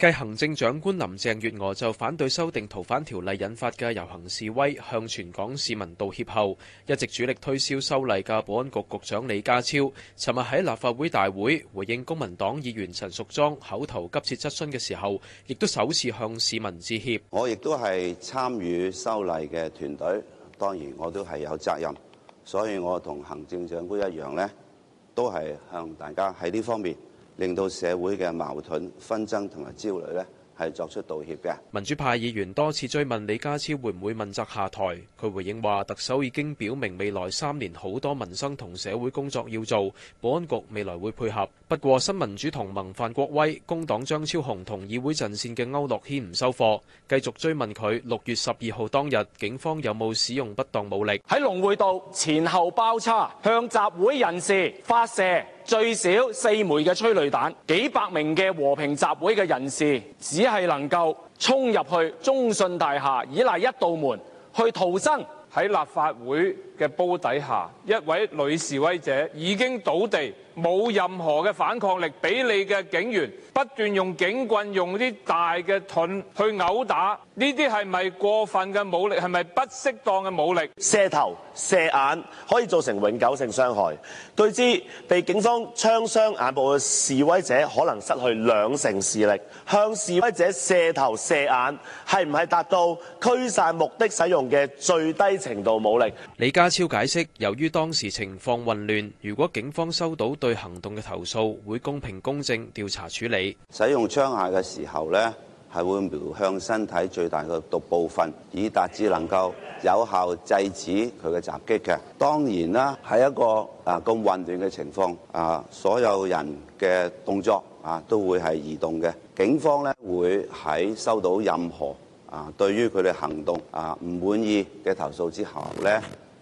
繼行政長官林鄭月娥就反對修訂逃犯條例引發嘅遊行示威向全港市民道歉後，一直主力推銷修例嘅保安局局長李家超，尋日喺立法會大會回應公民黨議員陳淑莊口頭急切質詢嘅時候，亦都首次向市民致歉。我亦都係參與修例嘅團隊，當然我都係有責任，所以我同行政長官一樣，呢都係向大家喺呢方面。令到社會嘅矛盾、紛爭同埋焦慮呢係作出道歉嘅。民主派議員多次追問李家超會唔會問責下台，佢回應話：特首已經表明未來三年好多民生同社會工作要做，保安局未來會配合。不過新民主同盟范國威、工黨張超雄同議會陣線嘅區諾軒唔收貨，繼續追問佢六月十二號當日警方有冇使用不當武力喺龍匯道前後包抄，向集會人士發射最少四枚嘅催淚彈，幾百名嘅和平集會嘅人士，只係能夠衝入去中信大廈，依賴一道門去逃生喺立法會，嘅煲底下，一位女示威者已經倒地，冇任何嘅反抗力，俾你嘅警員不斷用警棍、用啲大嘅盾去毆打，呢啲係咪過分嘅武力？係咪不適當嘅武力？射頭射眼可以造成永久性傷害。據知被警方槍傷眼部嘅示威者可能失去兩成視力。向示威者射頭射眼係唔係達到驅散目的使用嘅最低程度武力？李家超解釋，由於當時情況混亂，如果警方收到對行動嘅投訴，會公平公正調查處理。使用槍械嘅時候呢，係會瞄向身體最大嘅毒部分，以達至能夠有效制止佢嘅襲擊嘅。當然啦，喺一個啊咁混亂嘅情況啊，所有人嘅動作啊都會係移動嘅。警方呢會喺收到任何啊對於佢哋行動啊唔滿意嘅投訴之後呢。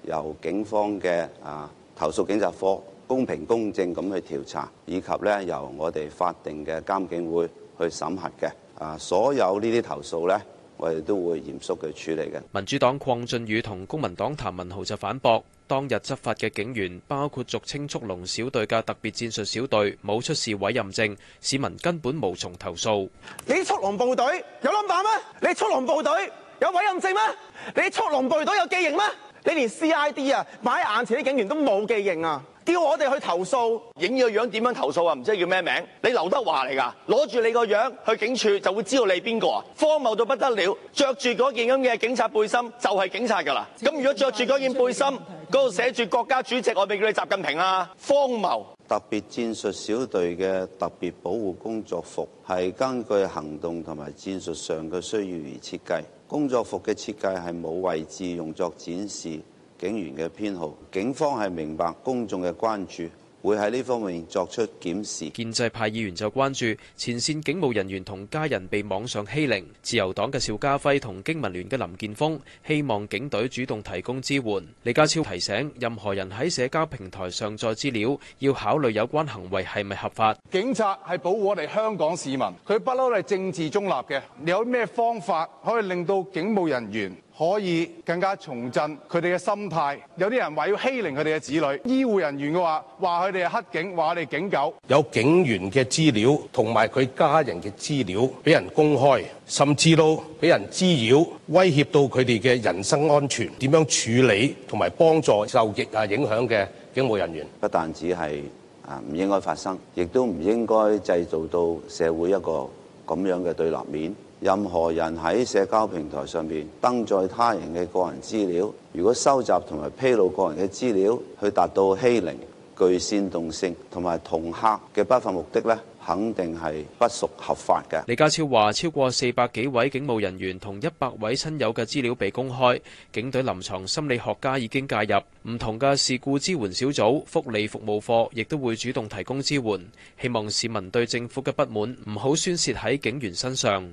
由警方嘅啊投訴警察科公平公正咁去調查，以及咧由我哋法定嘅監警會去審核嘅啊，所有這些呢啲投訴咧，我哋都會嚴肅嘅處理嘅。民主黨鄺俊宇同公民黨譚文豪就反駁，當日執法嘅警員，包括俗稱速龍小隊嘅特別戰術小隊冇出示委任證，市民根本無從投訴。你速龍部隊有冧巴咩？你速龍部隊有委任證咩？你速龍部隊有記認咩？你連 CID 啊，擺喺眼前啲警員都冇記認啊，叫我哋去投訴，影你個樣點樣投訴啊？唔知叫咩名？你劉德華嚟㗎，攞住你個樣去警署就會知道你係邊個啊？荒謬到不得了，着住嗰件咁嘅警察背心就係警察㗎啦。咁如果着住嗰件背心，嗰度寫住國家主席，我咪叫你習近平啊？荒謬。特別戰術小隊嘅特別保護工作服係根據行動同埋戰術上嘅需要而設計。工作服嘅設計係冇位置用作展示警員嘅編號，警方係明白公眾嘅關注。會喺呢方面作出檢視。建制派議員就關注,前線警務人員同家人被網上欺凌,自由黨嘅邵家輝同經民聯嘅林建鋒,希望警隊主動提供支援。李家超提醒任何人喺社交平台上載資料,要考慮有關行為係咪合法?警察係保護我哋香港市民,佢不嬲係政治中立嘅,你有咩方法可以令到警務人員可以更加重振佢哋嘅心態，有啲人話要欺凌佢哋嘅子女，醫護人員嘅話話，佢哋係黑警，話，我哋警狗有警員嘅資料同埋佢家人嘅資料俾人公開，甚至都俾人滋擾威脅到佢哋嘅人身安全，點樣處理同埋幫助受疫啊影響嘅警務人員？不但止係啊唔應該發生，亦都唔應該製造到社會一個咁樣嘅對立面。任何人喺社交平台上面登載他人嘅個人資料，如果收集同埋披露個人嘅資料，去達到欺凌、具煽動性同埋同黑嘅不法目的咧，肯定係不屬合法嘅。李家超話，超過四百幾位警務人員同一百位親友嘅資料被公開，警隊臨床心理學家已經介入，唔同嘅事故支援小組、福利服務課亦都會主動提供支援，希望市民對政府嘅不滿唔好宣泄喺警員身上。